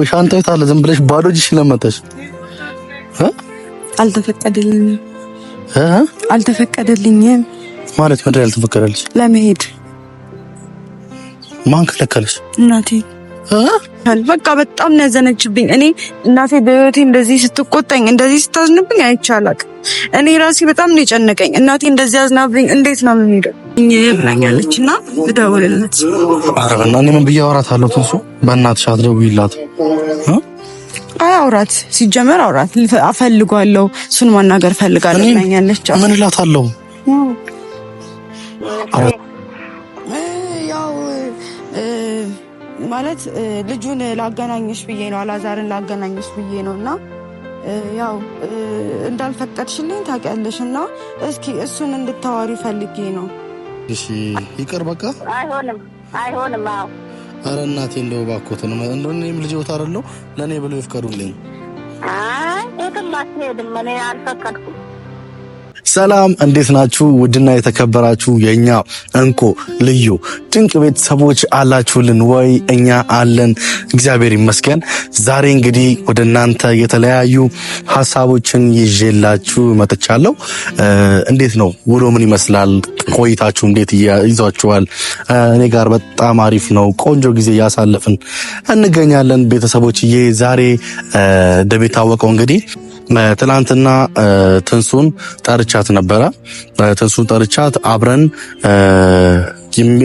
ወይ ሻንጣ የት አለ? ዝም ብለሽ ባዶ እጅሽን ለመተሽ። አልተፈቀደልኝም አልተፈቀደልኝም ማለት መድረክ አልተፈቀደልሽ ለመሄድ ማን ከለከለሽ? እናቴ በቃ በጣም ነው ያዘነችብኝ። እኔ እናቴ በህይወቴ እንደዚህ ስትቆጣኝ፣ እንደዚህ ስታዝንብኝ አይቼ አላውቅም። እኔ ራሴ በጣም ነው የጨነቀኝ። እናቴ እንደዚህ አዝናብኝ እንዴት ነው የምንሄደው ብላኛለች። እና እደውልለት አረብና እኔ ምን ብዬ አወራታለሁ? ትንሱ በእናትሽ አትደውይላት አይ አውራት ሲጀመር አውራት እፈልጋለሁ፣ እሱን ማናገር እፈልጋለሁ ብላኛለች። ምን እላታለሁ? ማለት ልጁን ላገናኝሽ ብዬ ነው አላዛርን ላገናኝሽ ብዬ ነው እና ያው እንዳልፈቀድሽልኝ ታውቂያለሽ እና እስኪ እሱን እንድታዋሪ ፈልጌ ነው። እሺ ይቅር በቃ አይሆንም፣ አይሆንም። አዎ አረ እናቴ እንደው እባክዎትን እንደው እኔም ልጅዎት አይደለሁ ለእኔ ብለው ይፍቀዱልኝ። አይ የትም አትሄድም፣ እኔ አልፈቀድኩም። ሰላም እንዴት ናችሁ? ውድና የተከበራችሁ የኛ እንቁ ልዩ ድንቅ ቤተሰቦች አላችሁልን ወይ? እኛ አለን፣ እግዚአብሔር ይመስገን። ዛሬ እንግዲህ ወደ እናንተ የተለያዩ ሀሳቦችን ይዤላችሁ መጥቻለሁ። እንዴት ነው ውሎ? ምን ይመስላል? ቆይታችሁ እንዴት ይዟችኋል? እኔ ጋር በጣም አሪፍ ነው። ቆንጆ ጊዜ እያሳለፍን እንገኛለን ቤተሰቦችዬ። ዛሬ እንደሚታወቀው እንግዲህ ትናንትና ትንሱን ጠርቻ ጠርቻት ነበረ። ትንሱን ጠርቻት አብረን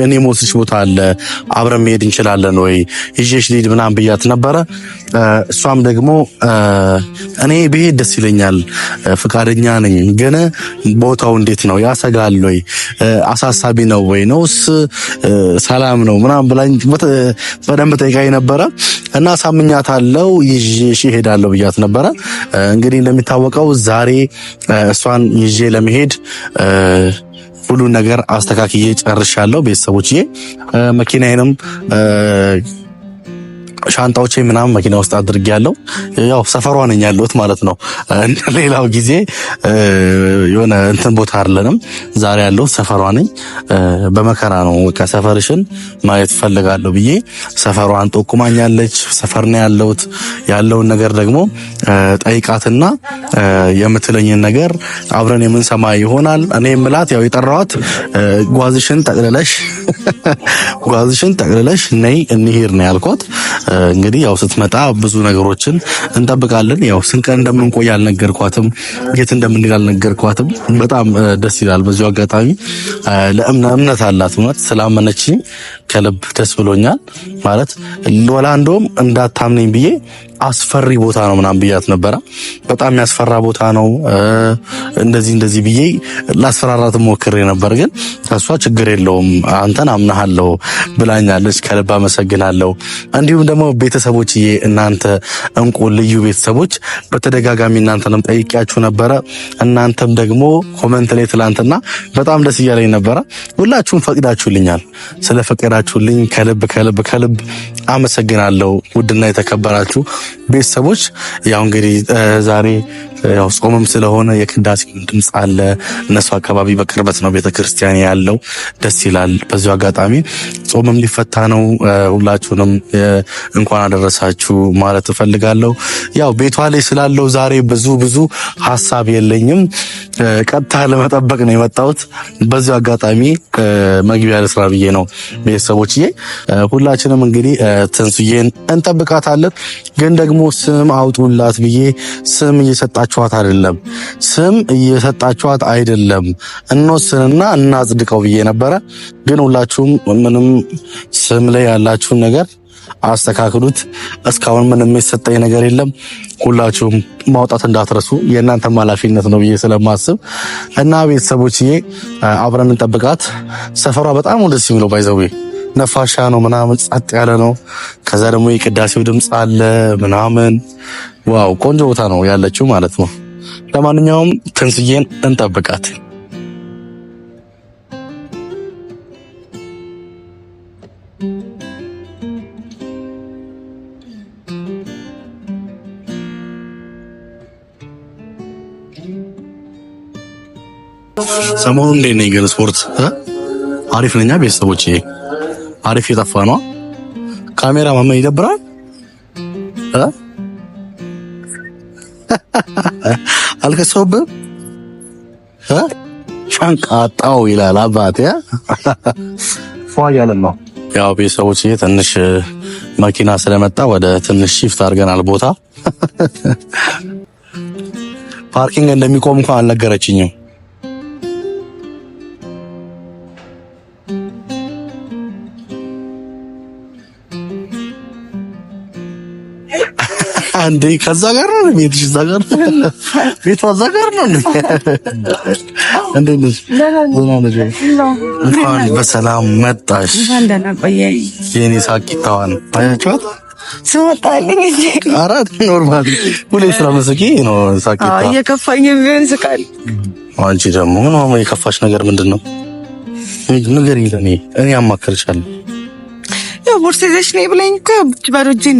እኔ ሞትሽ ቦታ አለ አብረን መሄድ እንችላለን ወይ ይዤሽ ልሂድ ምናምን ብያት ነበረ። እሷም ደግሞ እኔ ብሄድ ደስ ይለኛል ፍቃደኛ ነኝ፣ ግን ቦታው እንዴት ነው ያሰጋል ወይ አሳሳቢ ነው ወይ ነውስ ሰላም ነው ምናምን ብላኝ በደንብ ጠይቃኝ ነበረ እና ሳምኛት አለው ይዤሽ እሄዳለሁ ብያት ነበረ። እንግዲህ እንደሚታወቀው ዛሬ እሷን ይዤ ለመሄድ ሁሉ ነገር አስተካክዬ ጨርሻለሁ። ቤተሰቦችዬ መኪናዬንም ሻንጣዎቼ ምናምን መኪና ውስጥ አድርጌ ያለው ያው ሰፈሯ ነኝ ያለሁት ማለት ነው። ሌላው ጊዜ የሆነ እንትን ቦታ አይደለንም። ዛሬ ያለሁት ሰፈሯ ነኝ። በመከራ ነው በቃ ሰፈርሽን ማየት ፈልጋለሁ ብዬ ሰፈሯን ጠቁማኛለች። ሰፈር ነው ያለሁት። ያለውን ነገር ደግሞ ጠይቃትና የምትለኝን ነገር አብረን የምንሰማ ይሆናል። እኔ ምላት ያው የጠራኋት ጓዝሽን ጠቅልለሽ ጓዝሽን ጠቅልለሽ ነይ እንሂድ ነው ያልኳት። እንግዲህ ያው ስትመጣ ብዙ ነገሮችን እንጠብቃለን። ያው ስንቀን እንደምንቆይ አልነገርኳትም፣ የት እንደምንሄድ አልነገርኳትም። በጣም ደስ ይላል። በዚሁ አጋጣሚ ለእምነት አላት እውነት ስላመነችኝ ከልብ ደስ ብሎኛል። ማለት ወላ እንዳታምነኝ ብዬ አስፈሪ ቦታ ነው ምናምን ብያት ነበረ። በጣም ያስፈራ ቦታ ነው እንደዚህ እንደዚህ ብዬ ላስፈራራት ሞክሬ ነበር፣ ግን እሷ ችግር የለውም አንተን አምናሃለሁ ብላኛለች። ከልብ አመሰግናለሁ። እንዲሁም ደግሞ ቤተሰቦችዬ፣ እናንተ እንቁ ልዩ ቤተሰቦች በተደጋጋሚ እናንተንም ጠይቂያችሁ ነበረ። እናንተም ደግሞ ኮመንት ላይ ትላንትና በጣም ደስ እያለኝ ነበረ። ሁላችሁም ፈቅዳችሁልኛል ስለ ፈቀዳ ስለነበራችሁልኝ ከልብ ከልብ ከልብ አመሰግናለሁ። ውድና የተከበራችሁ ቤተሰቦች ያው እንግዲህ ዛሬ ያው ጾምም ስለሆነ የቅዳሴ ድምፅ አለ። እነሱ አካባቢ በቅርበት ነው ቤተክርስቲያን ያለው፣ ደስ ይላል። በዚሁ አጋጣሚ ጾምም ሊፈታ ነው። ሁላችሁንም እንኳን አደረሳችሁ ማለት እፈልጋለሁ። ያው ቤቷ ላይ ስላለው ዛሬ ብዙ ብዙ ሀሳብ የለኝም። ቀጥታ ለመጠበቅ ነው የመጣሁት። በዚሁ አጋጣሚ መግቢያ ለስራ ብዬ ነው ቤተሰቦችዬ። ሁላችንም እንግዲህ ትንሱዬን እንጠብቃታለን፣ ግን ደግሞ ስም አውጡላት ብዬ ስም እየሰጣችሁ እየሰጣችኋት አይደለም፣ ስም እየሰጣችኋት አይደለም፣ እንወስንና እናጽድቀው ብዬ ነበረ። ግን ሁላችሁም ምንም ስም ላይ ያላችሁን ነገር አስተካክሉት። እስካሁን ምንም የሰጠኝ ነገር የለም። ሁላችሁም ማውጣት እንዳትረሱ የእናንተም ኃላፊነት ነው ብዬ ስለማስብ እና ቤተሰቦችዬ አብረን እንጠብቃት። ሰፈሯ በጣም ደስ የሚለው ባይዘዌ ነፋሻ ነው ምናምን ጸጥ ያለ ነው። ከዛ ደግሞ የቅዳሴው ድምፅ አለ ምናምን። ዋው ቆንጆ ቦታ ነው ያለችው ማለት ነው። ለማንኛውም ትንስዬን እንጠብቃት። ሰሞኑን እንዴት ነኝ ግን? ስፖርት አሪፍ ነኛ ቤተሰቦች አሪፍ የጠፋ ነው። ካሜራ ማመን ይደብራል። አልከሰውብም። አጣው ይላል አባት ያ ነው። ያው ቤተሰቦች ትንሽ መኪና ስለመጣ ወደ ትንሽ ሺፍት አድርገናል ቦታ ፓርኪንግ እንደሚቆም እንኳን አልነገረችኝም። አንዴ ከዛ ጋር ነው ቤትሽ፣ እዛ ጋር ነው ቤቷ፣ እዛ ጋር ነው። እንዴት ነሽ? እንኳን በሰላም መጣሽ። የኔ ሳቂታዋን ታያችኋት ስመጣልኝ አራት ኖርማል ሁሌ ስራ ነው። ሳቂታ እየከፋኝ ቢሆን ስቃል። አንቺ ደግሞ ነው የከፋሽ ነገር ምንድን ነው? ንገሪኝ፣ ለእኔ እኔ አማክርሻለሁ። ያው ቦርሳ ይዘሽ ነይ ብለኝ እኮ ባዶ እጄን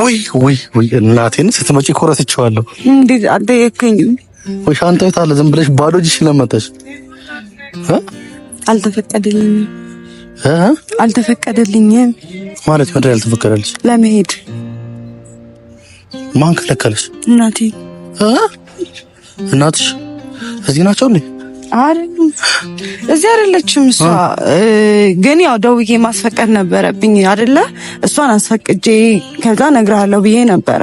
ውይ ውይ ውይ እናቴን ስትመጪ ኮረስቼዋለሁ። እንዴት አልጠየከኝም? ወይ ሻንጣው የት አለ? ዝም ብለሽ ባዶ እጅሽ ለመጣሽ። አልተፈቀደልኝም አልተፈቀደልኝም ማለት ምንድን ነው ለመሄድ ማን ከለከለሽ? እናቴ። እናትሽ እዚህ ናቸው እንዴ? እዚህ አይደለችም እሷ። ግን ያው ደውዬ ማስፈቀድ ነበረብኝ አይደለ? እሷን አስፈቅጄ ከዛ እነግርሃለሁ ብዬ ነበረ፣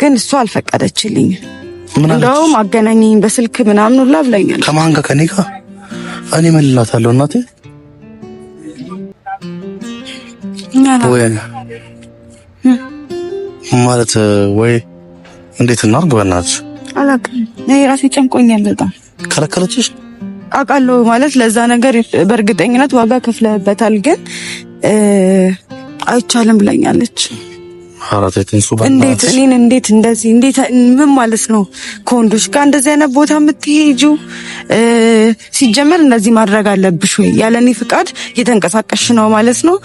ግን እሷ አልፈቀደችልኝ። እንደውም አገናኘኝ በስልክ ምናምን ሁላ ብለኛል። ከማን ጋር? ከኔ ጋር። እኔ እምልላታለሁ እናቴ ማለት ወይ እንዴት እናድርግ? በእናትሽ አላውቅም። እኔ ራሴ ጨንቆኛል በጣም ከለከለችሽ? አውቃለሁ ማለት ለዛ ነገር በእርግጠኝነት ዋጋ ከፍለህበታል፣ ግን አይቻልም ብለኛለች። እንዴት እኔን እንዴት እንደዚህ እንዴት ምን ማለት ነው? ከወንዶች ጋር እንደዚህ አይነት ቦታ የምትሄጁ ሲጀመር እንደዚህ ማድረግ አለብሽ ወይ? ያለ ፍቃድ እየተንቀሳቀሽ ነው ማለት ነው።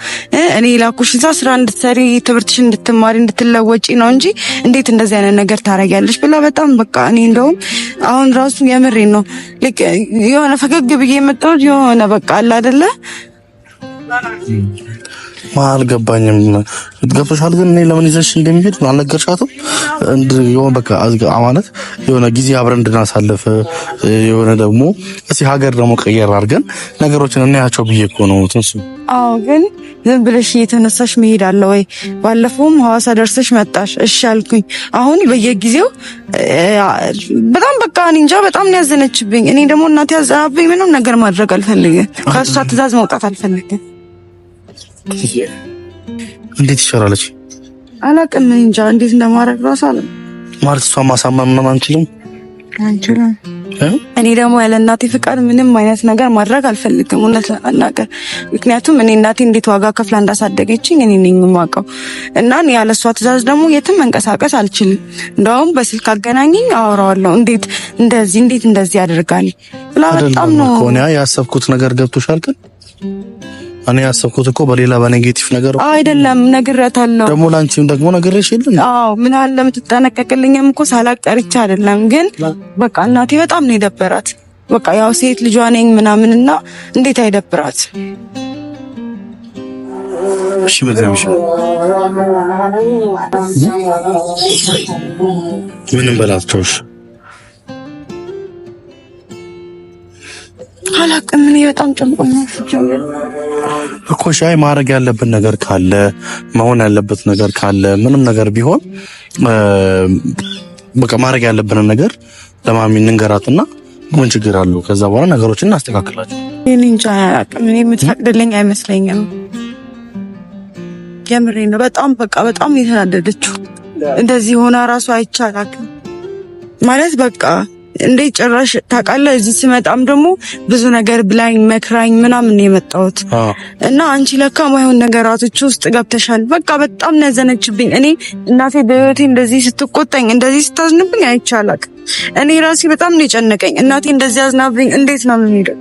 እኔ ላኩሽ እዛ ስራ እንድትሰሪ ትምህርትሽን እንድትማሪ እንድትለወጪ ነው እንጂ እንዴት እንደዚህ አይነት ነገር ታደርጊያለሽ ብላ በጣም በቃ እኔ እንደውም አሁን ራሱ የምሬን ነው የሆነ ፈገግ ብዬ የመጣሁት የሆነ በቃ አለ አይደለ አልገባኝም። ገብቶሻል ግን እኔ ለምን ይዘሽ እንደሚሄድ አልነገርሻትም? የሆነ በቃ ማለት የሆነ ጊዜ አብረን እንድናሳልፍ የሆነ ደግሞ እስኪ ሀገር ደግሞ ቀየር አድርገን ነገሮችን እናያቸው ብዬ እኮ ነው። ትንሱ አዎ፣ ግን ዝም ብለሽ እየተነሳሽ መሄድ አለ ወይ? ባለፈውም ሐዋሳ ደርሰሽ መጣሽ፣ እሺ አልኩኝ። አሁን በየጊዜው በጣም በቃ እኔ እንጃ፣ በጣም ነው ያዘነችብኝ። እኔ ደግሞ እናቴ ያዘናብኝ ምንም ነገር ማድረግ አልፈልግም። ከእሷ ትእዛዝ መውጣት አልፈልግም። እንዴት ይሻላለች? አላቅም እንጃ፣ እንዴት እንደማድረግ ራሱ አለ ማለት እሷ ማሳመን ምናምን አንችልም አንችልም። እኔ ደግሞ ያለ እናቴ ፍቃድ ምንም አይነት ነገር ማድረግ አልፈልግም፣ እውነት ለመናገር ምክንያቱም እኔ እናቴ እንዴት ዋጋ ከፍላ እንዳሳደገችኝ እኔ ነኝ የማውቀው። እና ያለ እሷ ትእዛዝ ደግሞ የትም መንቀሳቀስ አልችልም። እንደውም በስልክ አገናኘኝ አወራዋለሁ፣ እንዴት እንደዚህ እንዴት እንደዚህ ያደርጋል ብላ በጣም ነው ያሰብኩት ነገር ገብቶሻል ግን እኔ ያሰብኩት እኮ በሌላ በኔጌቲቭ ነገር አይደለም። ነግሬያታለሁ። ደግሞ ላንቺም ደግሞ ነግሬሽ የለን? አዎ። ምን አለ የምትጠነቀቅልኝም እኮ ሳላቅ ጠርቼ አይደለም፣ ግን በቃ እናቴ በጣም ነው የደበራት። በቃ ያው ሴት ልጇ ነኝ ምናምን እና እንዴት አይደብራት? እሺ ምንም በላቸውሽ አላቅም እኔ በጣም ጨንቆኛል። እኮ ሻይ ማድረግ ያለብን ነገር ካለ መሆን ያለበት ነገር ካለ ምንም ነገር ቢሆን በቃ ማድረግ ያለብንን ነገር ለማሚ እንንገራትና ምን ችግር አለው? ከዛ በኋላ ነገሮችን እናስተካክላቸው። እኔ እንጃ አላቅም። እኔ የምትፈቅድልኝ አይመስለኝም። የምሬ ነው። በጣም በቃ በጣም የተናደደችው እንደዚህ ሆና ራሱ አይቻላክም ማለት በቃ እንዴት ጭራሽ ታውቃለህ? እዚህ ስመጣም ደግሞ ብዙ ነገር ብላኝ መክራኝ ምናምን ነው የመጣሁት እና አንቺ ለካ ማይሆን ነገራቶች ውስጥ ገብተሻል። በቃ በጣም ነዘነችብኝ። እኔ እናቴ በህይወቴ እንደዚህ ስትቆጣኝ፣ እንደዚህ ስታዝንብኝ አይቻላቅ። እኔ ራሴ በጣም ነው የጨነቀኝ። እናቴ እንደዚህ አዝናብኝ እንዴት ነው የምንሄደው?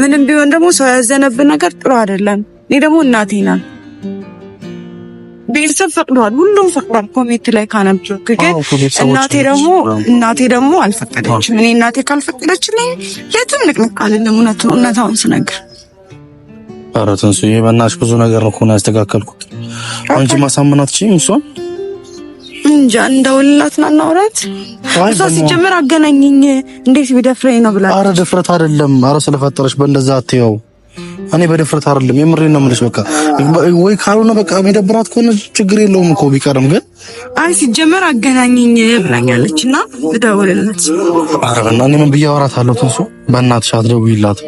ምንም ቢሆን ደግሞ ሰው ያዘነብን ነገር ጥሩ አይደለም። እኔ ደግሞ እናቴ ናት ቤተሰብ ፈቅደዋል፣ ሁሉም ፈቅዷል። ኮሜንት ላይ ካነብኩት ግን እናቴ ደግሞ እናቴ ደግሞ አልፈቀደችም። እኔ እናቴ ካልፈቀደችልኝ የትም ንቅንቅ አልልም። እውነታውን ስነግር ኧረ ትንሱዬ በእናትሽ ብዙ ነገር ነው እኮ ነው ያስተካከልኩት። አንቺ ማሳመናት ቺ እሷን እንጃ እንደውልላት ና እናውራት። እሷ ሲጀምር አገናኘኝ እንዴት ቢደፍረኝ ነው ብላ። አረ ደፍረት አይደለም። አረ ስለፈጠረች በእንደዛ አትየው እኔ በድፍረት አይደለም የምሬ ነው የምልሽ። በቃ ወይ ካልሆነ በቃ የሚደብራት ከሆነ ችግር የለውም እኮ ቢቀርም፣ ግን አይ ሲጀመር አገናኘኝ ብላኛለች እና እደውልላት። ኧረ በእናትህ ምን ብዬሽ አወራታለሁ? ትንሱ በእናትሽ አትደውይላት።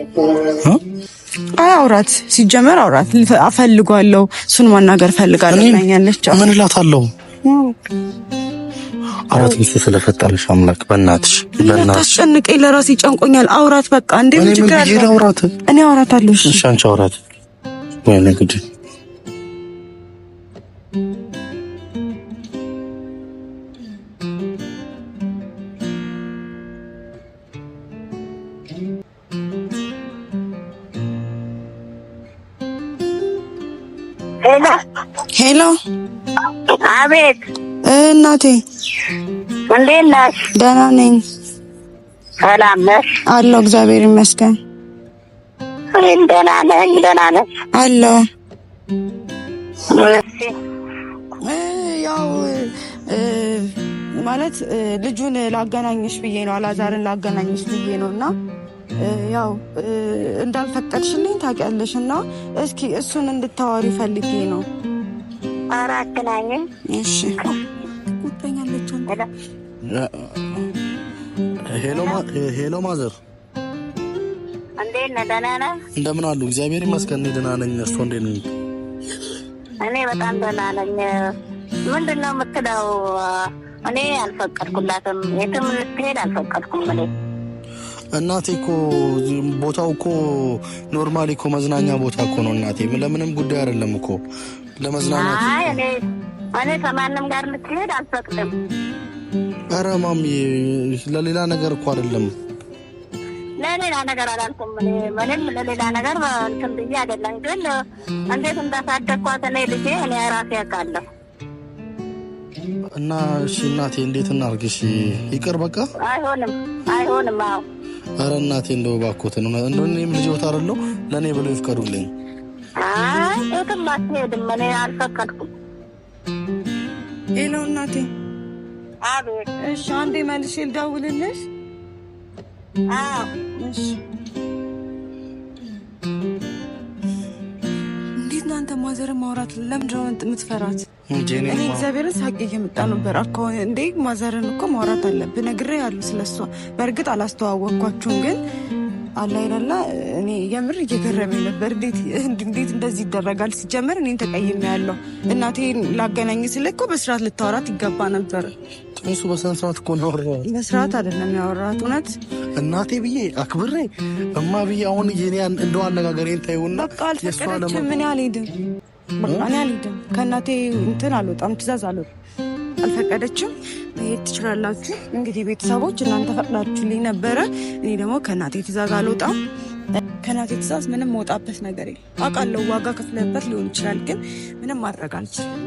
አይ አውራት፣ ሲጀመር አውራት። እፈልጋለሁ፣ እሱን ማናገር እፈልጋለሁ ብላኛለች። ምን እላታለሁ? አራት ልጅ ስለፈጠረሽ አምላክ በእናትሽ በእናትሽ አስጨንቀኝ። ለራሴ ጨንቆኛል። አውራት በቃ እንዴ ምን ችግር አለ? አውራት እኔ አውራት አለሽ። እሺ አንቺ አውራት ወይ ንግድ ሄሎ አቤት እናቴ እንዴት ነሽ? ደህና ነኝ። ሰላም ነሽ? አለሁ፣ እግዚአብሔር ይመስገን። እኔም ደህና ነኝ። ደህና ነሽ? አለሁ። ያው ማለት ልጁን ላገናኝሽ ብዬ ነው፣ አላዛርን ላገናኝሽ ብዬ ነው እና ያው እንዳልፈቀድሽልኝ ታውቂያለሽ እና እስኪ እሱን እንድታወሪ ፈልጌ ነው ኧረ አገናኘኝ። እሺ ሄሎ ማዘር እንዴት ነህ? ደህና ነህ? እንደምን አሉ? እግዚአብሔር ይመስገን ደህና ነኝ። እርስዎ እንዴት እኔ በጣም ደህና ነኝ። ምንድን ነው የምትለው? እኔ አልፈቀድኩላትም፣ የትም ልትሄድ አልፈቀድኩም። እናቴ እኮ ቦታው እኮ ኖርማሊ እኮ መዝናኛ ቦታ እኮ ነው እናቴ፣ ለምንም ጉዳይ አይደለም እኮ ለመዝናናት? እኔ ከማንም ጋር ልትሄድ አልፈቅድም። ኧረ ማሚ ለሌላ ነገር እኮ አይደለም። ለሌላ ነገር አላልኩም። እኔ ምንም ለሌላ ነገር እንትን ብዬ አይደለም፣ ግን እንዴት እንዳሳደግኳት እኔ ልጄ እኔ ራሴ ያውቃለሁ። እና እሺ እናቴ እንዴት እናርግ? እሺ ይቅር በቃ አይሆንም፣ አይሆንም። አዎ ኧረ እናቴ እንደው እባክዎትን፣ እኔም ልጅዎት አይደለሁ ለእኔ ብለው ይፍቀዱልኝ። አይ የትም አትሄድም። እኔ አልፈቀድኩም። ሄሎ እናቴ። አቤት። እሺ፣ አንዴ መልሼ ልደውልልሽ። አዎ፣ እሺ። እንዴት እናንተ ማዘርን ማውራት ለምንድን ነው የምትፈራት? እኔ እግዚአብሔርን ሳቄ እየመጣ ነበር አካ እንዴ ማዘርን እኮ ማውራት አለብህ ነግሬ ያሉ ስለሷ። በእርግጥ አላስተዋወቅኳችሁም ግን አለ አይደለ? እኔ የምር እየገረመኝ ነበር። እንዴት እንደዚህ ይደረጋል? ሲጀመር እኔን ተቀይሜ ያለው እናቴን ላገናኝ ስለ እኮ በስርዓት ልታወራት ይገባ ነበር። እሱ በስነስርዓት ስርዓት እኮ ነው ያወራሁት፣ በስርዓት አይደለም ያወራሁት። እውነት እናቴ ብዬ አክብሬ እማ ብዬ አሁን የኔ እንደው አነጋገሬን ታይውና በቃ አልፈቀደችም። እኔ አልሄድም፣ በቃ እኔ አልሄድም። ከእናቴ እንትን አልወጣም፣ ትእዛዝ አልወጣም አልፈቀደችም። መሄድ ትችላላችሁ። እንግዲህ ቤተሰቦች እናንተ ፈቅዳችሁልኝ ነበረ። እኔ ደግሞ ከእናቴ ትእዛዝ አልወጣም። ከእናቴ ትእዛዝ ምንም መውጣበት ነገር የለም። አውቃለሁ፣ ዋጋ ከፍለበት ሊሆን ይችላል፣ ግን ምንም ማድረግ አልችልም።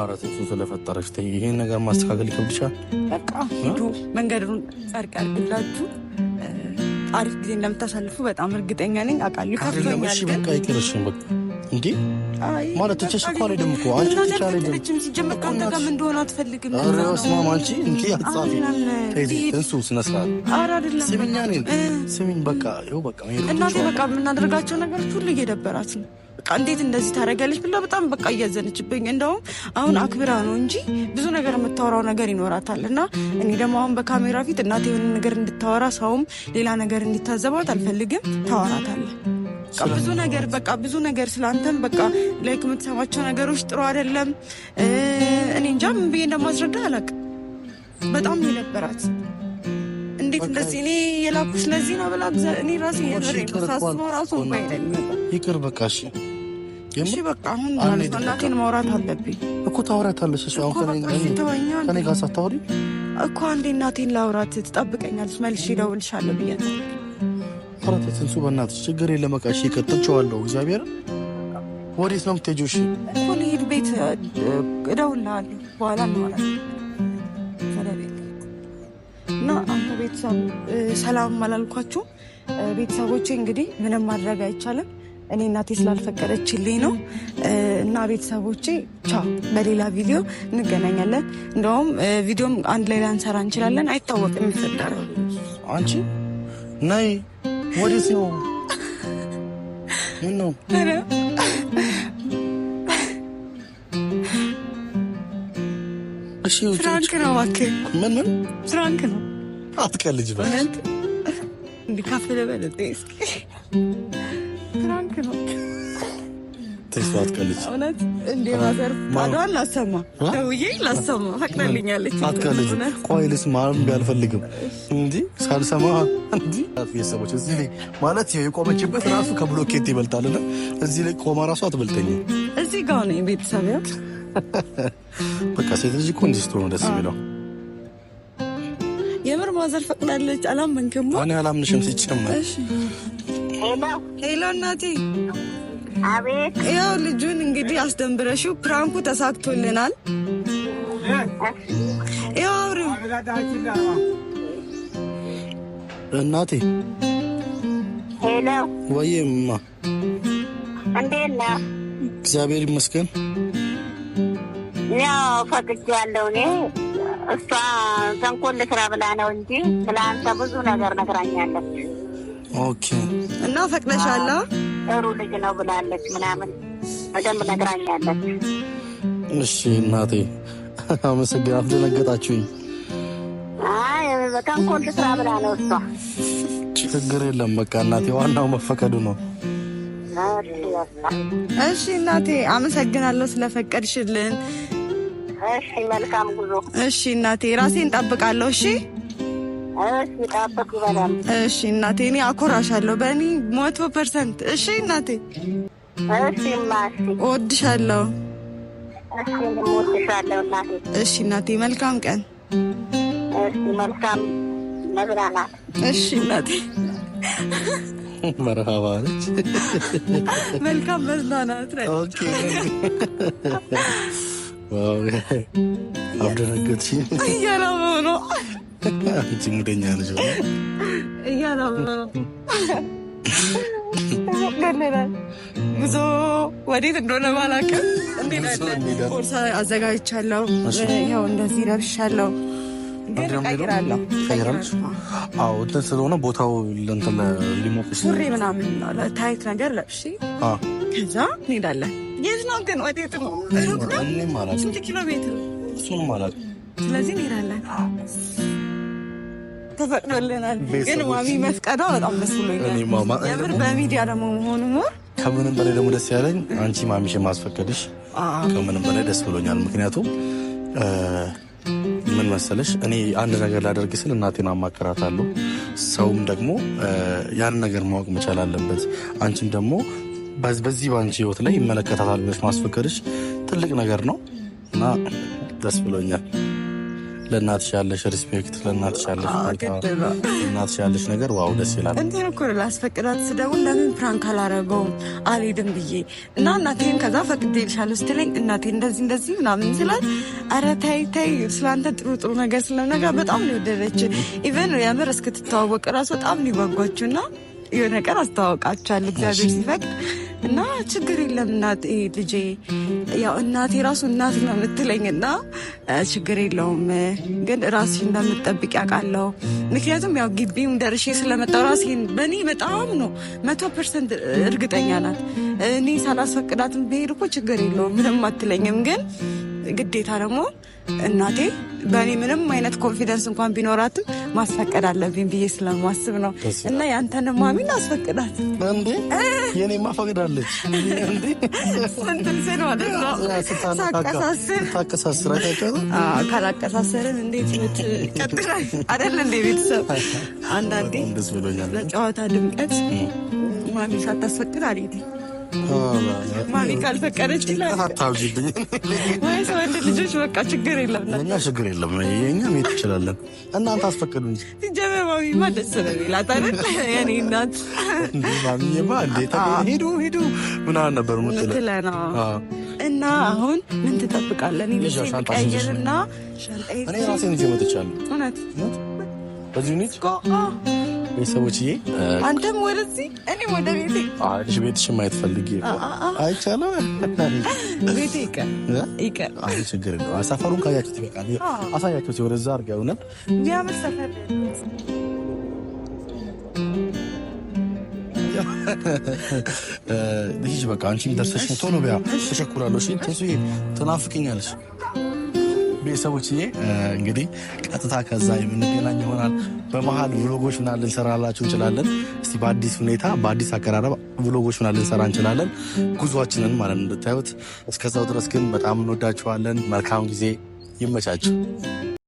አረቴቱ ስለፈጠረች ይሄን ነገር ማስተካከል ይከብድሻል። በቃ ሂዱ፣ መንገዱን ጸርቅ ያርግላችሁ። አሪፍ ጊዜ እንደምታሳልፉ በጣም እርግጠኛ ነኝ። አውቃለሁ፣ ይከብደኛል። በቃ ይቅርሽን በቃ እንዴ ማለት ትቼሽ እኮ አልሄድም እኮ አንቺ ትቼ አልሄድም ሲጀመር ከአንተ ጋርም እንደሆነ አትፈልግም ኧረ በስመ አብ አንቺ እንዴ አትጻፊ እንሱ ስነ ስርዓት አይደለም ስሚኝ እኔን ስሚኝ በቃ ይኸው በቃ እናቴ በቃ የምናደርጋቸው ነገሮች ሁሉ እየደበራት ነው በቃ እንዴት እንደዚህ ታደርጋለች ብላ በጣም በቃ እያዘነችብኝ። እንደውም አሁን አክብራ ነው እንጂ ብዙ ነገር የምታወራው ነገር ይኖራታል። እና እኔ ደግሞ አሁን በካሜራ ፊት እናቴ የሆነ ነገር እንድታወራ ሰውም ሌላ ነገር እንዲታዘባት አልፈልግም። ታወራታለህ በቃ ብዙ ነገር በቃ ብዙ ነገር ስላንተም በቃ ላይክ የምትሰማቸው ነገሮች ጥሩ አይደለም። እኔ እንጃ ምን ብዬ እንደማስረዳ አላውቅም። በጣም የነበራት እንዴት እንደዚህ እኔ የላኩሽ ለዚህ ነው ብላ እኔ ራሴ ሳስበው ራሱ ይለኝ ይቅር በቃ እሺ እሺ በቃ አሁን እናቴን ማውራት አለብኝ እኮ ታወራታለሽ። እሱ ከኔ ጋር ሳታወሪ እኮ አንዴ እናቴን ላውራት ትጠብቀኛለች፣ መልሼ እደውልልሻለሁ ብያት ፍራት ትንሱ፣ በእናትሽ ችግር የለም በቃ እሺ፣ ቀጥቼዋለሁ። እግዚአብሔር ወዴት ነው የምትሄጂው? እሺ እኮ ልሂድ፣ ቤት እደውልልሃለሁ በኋላ እና አንተ ቤተሰብ ሰላም አላልኳችሁ። ቤተሰቦቼ እንግዲህ ምንም ማድረግ አይቻልም። እኔ እናቴ ስላልፈቀደችልኝ ነው። እና ቤተሰቦቼ ቻ በሌላ ቪዲዮ እንገናኛለን። እንደውም ቪዲዮም አንድ ላይ ላንሰራ እንችላለን። አይታወቅም የሚፈጠረው አንቺ ነይ What is your? You know. I know. Para. Asciutto. Francano anche. Come? Francano. At kalıcı ben. Evet. Bir kafede böyle değiliz ki. ተስፋት ቀልጅ እውነት እንዴ ማዘር ማዷን ላሰማ ደውዬ ላሰማ ፈቅዳልኛለች። አትቀልጅ ቆይ ልስማ አልፈልግም። እንዲ ሳልሰማ እንዲ ቤተሰቦች እዚህ ላይ ማለት የቆመችበት ራሱ ከብሎኬት ይበልጣልና እዚህ ላይ ቆማ ራሱ አትበልጠኝም። እዚህ ጋር ነው ቤተሰብ በቃ ሴት ልጅ እኮ እንዲህ ስትሆን ደስ የሚለው የምር ማዘር ፈቅዳለች። አላመንክም? እኔ አላምንሽም ሲጨመር ሄሎ እናቴ አቤት። ያው ልጁን እንግዲህ አስደንብረሽው ፕራንኩ ተሳክቶልናል። እናቴ። ሄሎ ወይ እማ፣ እንዴት እግዚአብሔር ይመስገን። ያው ያለው እኔ እሷ ተንኮል ስራ ብላ ነው እንጂ ስለ አንተ ብዙ ነገር ነግራኛለች። ኦኬ እና ፈቅደሻለሁ ጥሩ ልጅ ነው ብላለች ምናምን በደንብ ነግራኛለች። እሺ እናቴ አመሰግን። አስደነገጣችሁኝ። ተንኮል ስራ ብላ ነው እሷ። ችግር የለም በቃ እናቴ፣ ዋናው መፈቀዱ ነው። እሺ እናቴ አመሰግናለሁ ስለፈቀድሽልን። እሺ መልካም ጉዞ። እሺ እናቴ ራሴን እጠብቃለሁ። እሺ እሺ እናቴ፣ እኔ አኮራሻለሁ በእኔ መቶ ፐርሰንት። እሺ እናቴ፣ እወድሻለሁ። እሺ እናቴ፣ መልካም ቀን። እሺ እናቴ፣ መርሃባ ነች። መልካም መዝናናት። አብደረገት እያለ ነው ዝሙተኛ ልጅ ገለናል። ጉዞ ወዴት እንደሆነ ባላውቅም ቦርሳ አዘጋጅቻለሁ። ይኸው እንደዚህ ለብሻለሁ። እንትን ስለሆነ ቦታው እንትን ሊሞቅ ሱሪ ምናምን ታይት ነገር ከዛ እንሄዳለን። የት ነው ግን? ወዴት ነው? ስንት ኪሎ ሜትር? ስለዚህ እንሄዳለን። ተፈቅዶልናል። ግን ማሚ መፍቀዷ በጣም ደስ ብሎኛል። የምር በሚዲያ ደግሞ መሆኑ ከምንም በላይ ደግሞ ደስ ያለኝ አንቺ ማሚሽ ማስፈቀድሽ ከምንም በላይ ደስ ብሎኛል። ምክንያቱም ምን መሰለሽ እኔ አንድ ነገር ላደርግ ስል እናቴን አማክራታለሁ። ሰውም ደግሞ ያን ነገር ማወቅ መቻል አለበት። አንቺም ደግሞ በዚህ በአንቺ ህይወት ላይ ይመለከታታል ብለሽ ማስፈቀድሽ ትልቅ ነገር ነው እና ደስ ብሎኛል። ለእናትሽ ያለሽ ሪስፔክት፣ ለእናትሽ ያለሽ እናትሽ ያለሽ ነገር ዋው ደስ ይላል። እንትን እኮ ላስፈቅዳት ስደውል ለምን ፕራንክ አላረገውም አልሄድም ብዬ እና እናቴን ከዛ ፈቅድልሻለሁ ስትለኝ እናቴ እንደዚህ እንደዚህ ምናምን ስላት ኧረ ተይ ተይ ስለአንተ ጥሩ ጥሩ ነገር ስለምነግራት በጣም ነው የወደደች። ኢቨን የምር እስክትተዋወቅ ራሱ በጣም ነው የጓጓችው እና የሆነ ነገር አስተዋወቃችኋል እግዚአብሔር ሲፈቅድ እና ችግር የለም እናቴ ልጄ ያው እናቴ ራሱ እናት ነው የምትለኝ እና ችግር የለውም ግን ራሴ እንደምጠብቅ ያውቃለሁ። ምክንያቱም ያው ግቢም ደርሼ ስለመጣው ራሴን በእኔ በጣም ነው መቶ ፐርሰንት እርግጠኛ ናት። እኔ ሳላስፈቅዳትም ብሄድ እኮ ችግር የለውም ምንም አትለኝም። ግን ግዴታ ደግሞ እናቴ በእኔ ምንም አይነት ኮንፊደንስ እንኳን ቢኖራትም ማስፈቀድ አለብኝ ብዬ ስለማስብ ነው። እና ያንተን ማሚን አስፈቅዳት እንዴ? የኔ ማፈቅዳለች እንትን ስል ማለት ካላቀሳሰርን እንዴት ቀጥላል አደለ እንዴ? ቤተሰብ አንዳንዴ ለጨዋታ ድምቀት ማሚ ሳታስፈቅድ አልሄድም ማሚ ካልፈቀደች ይላልታብጅብኝ ወይ ሰወንድ ልጆች በቃ ችግር የለም እኛ ችግር የለም እኛ ሜት ትችላለን። እናንተ አስፈቅዱ እንጂ ሲጀመር ማሚማ ደስ ነው አይደል? የእኔ እናት ማሚማ እንዴት ሄዱ ሄዱ ምናምን ነበር ምትለ እና አሁን ምን ትጠብቃለን? ቀይርና ሻንጣ እኔ ራሴን ይዤ እውነት በዚህ ሁኔት ቤተሰቦችዬ አንተም ወደዚህ እኔ ወደ ቤቴ ቤትሽ ማየት ፈልጌ አይቻልም። ቤቴ ይቀር ይቀር ችግር ነው። ሰፈሩን ካያችሁት ይበቃል። አሳያችሁት ወደዛ አርጋ ሆነ ያምር ሰፈር ልጅ በቃ አንቺም ደርሰሽ ቶሎ ቢያ ተሸኩላለሽ። ትናፍቅኛለሽ ቤተሰቦችዬ እንግዲህ ቀጥታ ከዛ የምንገናኝ ይሆናል። በመሀል ብሎጎች ምና ልንሰራላችሁ እንችላለን። እስቲ በአዲስ ሁኔታ በአዲስ አቀራረብ ብሎጎች ምና ልንሰራ እንችላለን። ጉዟችንን ማለት ነው እንድታዩት። እስከዛው ድረስ ግን በጣም እንወዳችኋለን። መልካም ጊዜ ይመቻችሁ።